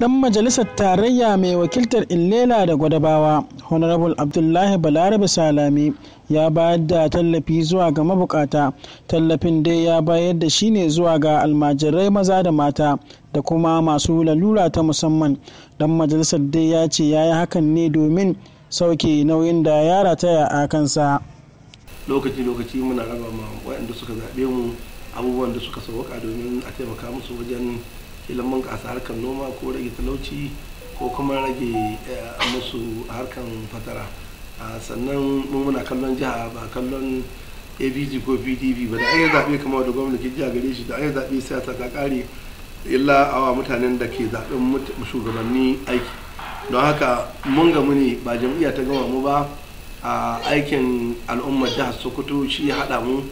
dan majalisar tarayya mai wakiltar illela da gwadabawa honorable abdullahi balarabe salami ya bayar da tallafi zuwa ga mabukata tallafin dai ya bayar da shi ne zuwa ga almajirai maza da mata da kuma masu lalura ta musamman dan majalisar dai ya ce ya yi hakan ne domin sauke nauyin da ya rataya a kansa lokaci-lokaci muna raba ma waɗanda suka zaɓe mu abubuwan da suka sauka domin a taimaka musu wajen kila mun gasa harkar noma ko rage talauci ko kuma rage eh, musu harkar fatara sannan muna kallon jiha ba kallon abg ko pdp ba da an zaɓe kama da gwamnati jiha gare shi da an zaɓe siyasa ta ƙare illa awa mutanen da ke zaɓen shugabanni aiki don haka mun gamu ne ba jam'iyya ta gama mu ba a aikin al'ummar jihar sokoto shi ya haɗa mu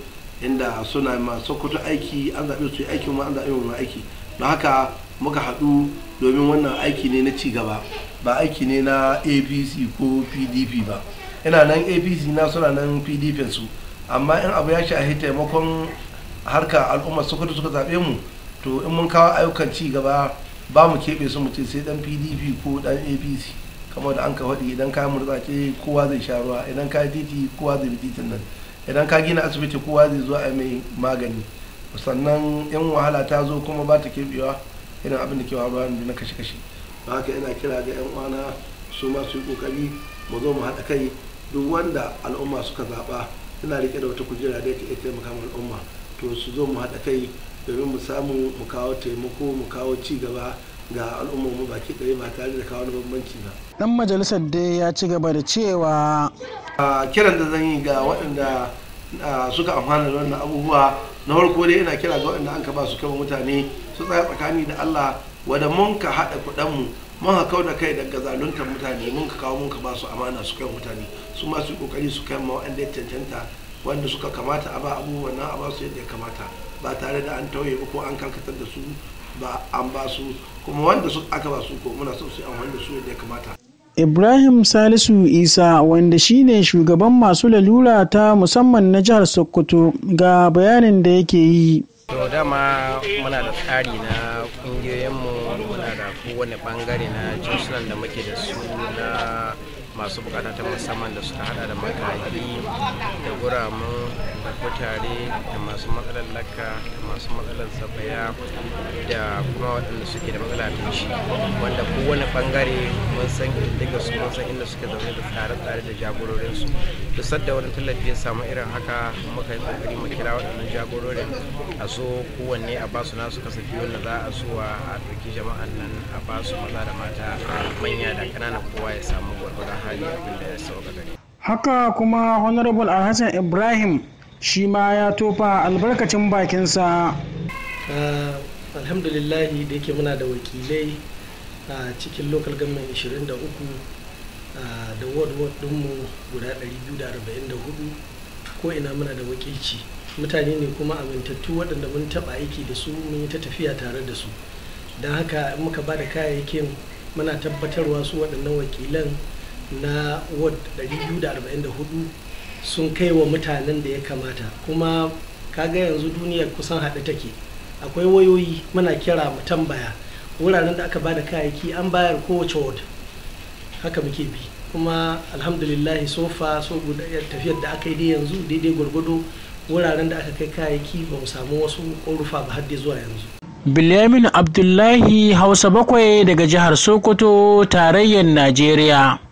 inda suna ma sokoto aiki an zaɓe su aikin ma an zaɓe mu aiki na haka muka haɗu domin wannan aiki ne na cigaba ba aiki ne na apc ko pdp ba ina nan apc na suna nan pdp su amma in abu ya shahi taimakon harka al'ummar sokoto suka zaɓe mu to in mun kawo ayyukan ci gaba ba mu keɓe su mu ce sai dan pdp ko dan apc kamar da an ka faɗi idan ka ce kowa zai sha ruwa idan ka titi kowa zai bi titin nan idan ka gina asibiti kowa zai zo a mai magani sannan yan wahala ta zo kuma ba ta keɓewa irin abin da ke faruwa yanzu na kashe-kashe ba haka yana kira ga yan uwana su ma su yi kokari mu zo mu haɗa kai duk wanda al'umma suka zaɓa ina riƙe da wata kujera da ya taimaka ma al'umma to su zo mu haɗa kai domin mu samu mu kawo taimako mu kawo ci gaba ga mu baki ɗaya ba tare da kawo bambanci ba. Dan majalisar dai ya ci gaba da cewa. Kiran da zan yi ga waɗanda suka amfana da wannan abubuwa na farko dai yana kira ga waɗanda an ka ba su kama mutane su tsaya tsakani da Allah wanda mun ka haɗa kuɗanmu mun ka kauda kai daga zaluntar mutane mun ka kawo mun ka ba su amana su kai mutane su ma su kokari su kai ma wanda ya cancanta wanda suka kamata a ba abubuwan nan a ba su yadda ya kamata ba tare da an tauye ba ko an karkatar da su ba an ba su kuma wanda aka ba su ko muna so su yi amfani da su yadda ya kamata Ibrahim Salisu Isa wanda shine shugaban masu lalura ta musamman na jihar Sokoto ga bayanin da yake yi. To dama muna da tsari na kungiyoyinmu muna da kowane bangare na jinsunan da muke da su na masu bukata ta musamman da suka hada da makahi da guramu da kutare da masu matsalar laka da masu matsalar tsabaya da kuma waɗanda suke da matsala shi wanda kowane bangare mun san su mun san inda suke zaune da tsare-tsare da jagororinsu duk sadda wani tallafi ya samu irin haka muka yi kokari mu kira waɗannan jagororin a so kowanne a basu nasu kasafi wanda za a zuwa a ɗauki jama'an nan a basu maza da mata manya da ƙanana kowa ya samu gwargwadon hali abin da ya sauka haka kuma honorable alhassan ibrahim shi ma ya tofa albarkacin bakinsa eh, alhamdulillahi da yake muna da wakilai a cikin local government 23 da ward ward dinmu guda 244 ko ina muna da wakilci mutane ne kuma amintattu waɗanda mun taɓa aiki da su mun yi ta tafiya tare da su don haka muka ba da kayayyakin muna tabbatarwa su waɗannan wakilan na ward 244 sun kai wa mutanen da ya kamata kuma kaga yanzu duniyar kusan haɗe take akwai wayoyi muna kira mu tambaya wuraren da aka bada kayayyaki an bayar kowace ward haka muke bi kuma alhamdulillah sofa so guda eh, tafiyar da aka yi dai yanzu daidai gwargwado wuraren da aka kai kayayyaki ba mu samu wasu korufa ba har zuwa yanzu bilamin Abdullahi Hausa bakwai daga jihar Sokoto tarayyar Najeriya.